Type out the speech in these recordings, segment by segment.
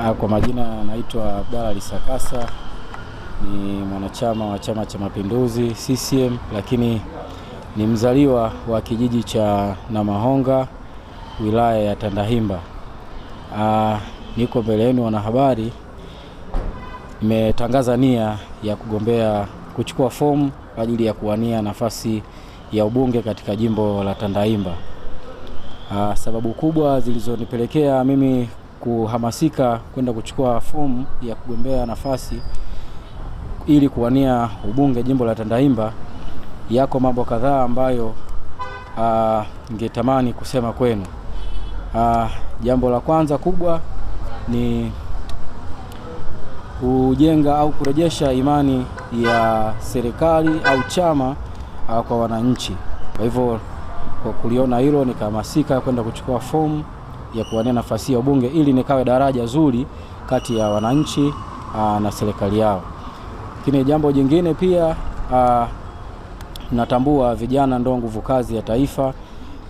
Ah, kwa majina naitwa Abdalla Lisakasa, ni mwanachama wa Chama cha Mapinduzi CCM, lakini ni mzaliwa wa kijiji cha Namahonga wilaya ya Tandahimba. Aa, ah, niko mbele yenu wanahabari, nimetangaza nia ya kugombea kuchukua fomu kwa ajili ya kuwania nafasi ya ubunge katika jimbo la Tandahimba. Aa, ah, sababu kubwa zilizonipelekea mimi kuhamasika kwenda kuchukua fomu ya kugombea nafasi ili kuwania ubunge jimbo la Tandahimba, yako mambo kadhaa ambayo ah, ningetamani kusema kwenu. Uh, jambo la kwanza kubwa ni kujenga au kurejesha imani ya serikali au chama uh, kwa wananchi. Kwa hivyo kwa kuliona hilo nikahamasika kwenda kuchukua fomu ya kuwania nafasi ya ubunge ili nikawe daraja zuri kati ya wananchi aa, na serikali yao. Lakini jambo jingine pia aa, natambua vijana ndo nguvu kazi ya taifa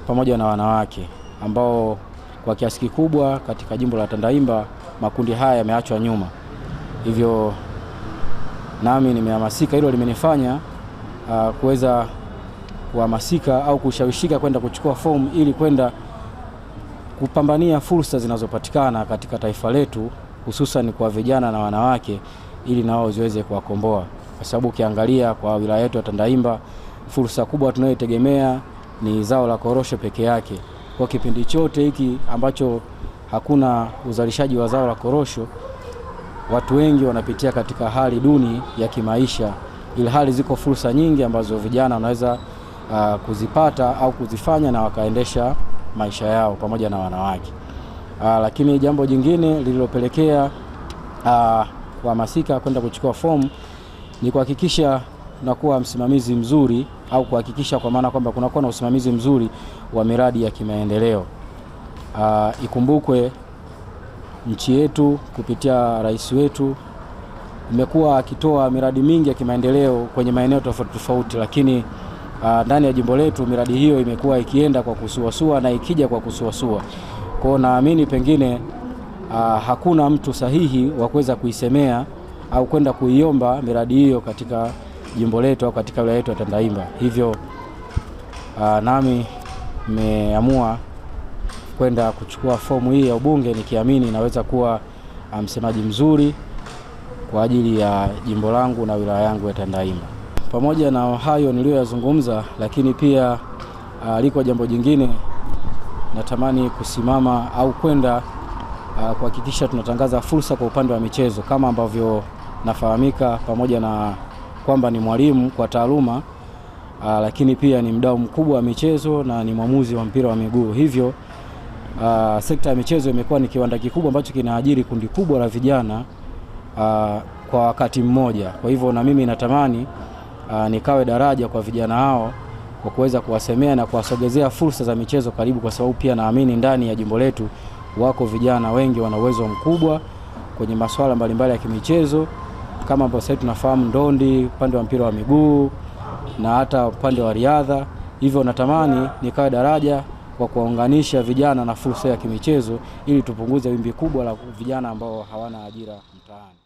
pamoja na wanawake ambao kwa kiasi kikubwa katika jimbo la Tandaimba makundi haya yameachwa nyuma, hivyo nami nimehamasika, hilo limenifanya kuweza kuhamasika au kushawishika kwenda kuchukua fomu ili kwenda kupambania fursa zinazopatikana katika taifa letu hususan kwa vijana na wanawake ili nao ziweze kuwakomboa, kwa sababu ukiangalia kwa wilaya yetu ya Tandaimba fursa kubwa tunayoitegemea ni zao la korosho peke yake. Kwa kipindi chote hiki ambacho hakuna uzalishaji wa zao la korosho, watu wengi wanapitia katika hali duni ya kimaisha, ili hali ziko fursa nyingi ambazo vijana wanaweza uh, kuzipata au kuzifanya na wakaendesha maisha yao pamoja na wanawake. Aa, ah, lakini jambo jingine lililopelekea ah, kuhamasika kwenda kuchukua fomu ni kuhakikisha kuwa msimamizi mzuri au kuhakikisha kwa maana kwamba kunakuwa na usimamizi mzuri wa miradi ya kimaendeleo. Aa, ah, ikumbukwe nchi yetu kupitia rais wetu imekuwa akitoa miradi mingi ya kimaendeleo kwenye maeneo tofauti tofauti, lakini Ah, ndani ya jimbo letu, miradi hiyo imekuwa ikienda kwa kusuasua na ikija kwa kusuasua. Kwa hiyo naamini pengine aa, ah, hakuna mtu sahihi wa kuweza kuisemea au kwenda kuiomba miradi hiyo katika jimbo letu au katika wilaya yetu ya Tandaimba. Hivyo aa, ah, nami nimeamua kwenda kuchukua fomu hii ya ubunge nikiamini naweza kuwa msemaji mzuri kwa ajili ya jimbo langu na wilaya yangu ya Tandaimba. Pamoja na hayo niliyoyazungumza, lakini pia uh, liko jambo jingine natamani kusimama au kwenda uh, kuhakikisha tunatangaza fursa kwa upande wa michezo. Kama ambavyo nafahamika, pamoja na kwamba ni mwalimu kwa taaluma uh, lakini pia ni mdau mkubwa wa michezo na ni mwamuzi wa mpira wa miguu, hivyo uh, sekta ya michezo imekuwa ni kiwanda kikubwa ambacho kinaajiri kundi kubwa la vijana uh, kwa wakati mmoja. Kwa hivyo na mimi natamani uh, nikawe daraja kwa vijana hao kwa kuweza kuwasemea na kuwasogezea fursa za michezo karibu, kwa sababu pia naamini ndani ya jimbo letu wako vijana wengi wana uwezo mkubwa kwenye masuala mbalimbali ya kimichezo kama ambavyo sasa tunafahamu ndondi, upande wa mpira wa miguu na hata upande wa riadha. Hivyo natamani nikawe daraja kwa kuwaunganisha vijana na fursa ya kimichezo ili tupunguze wimbi kubwa la vijana ambao hawana ajira mtaani.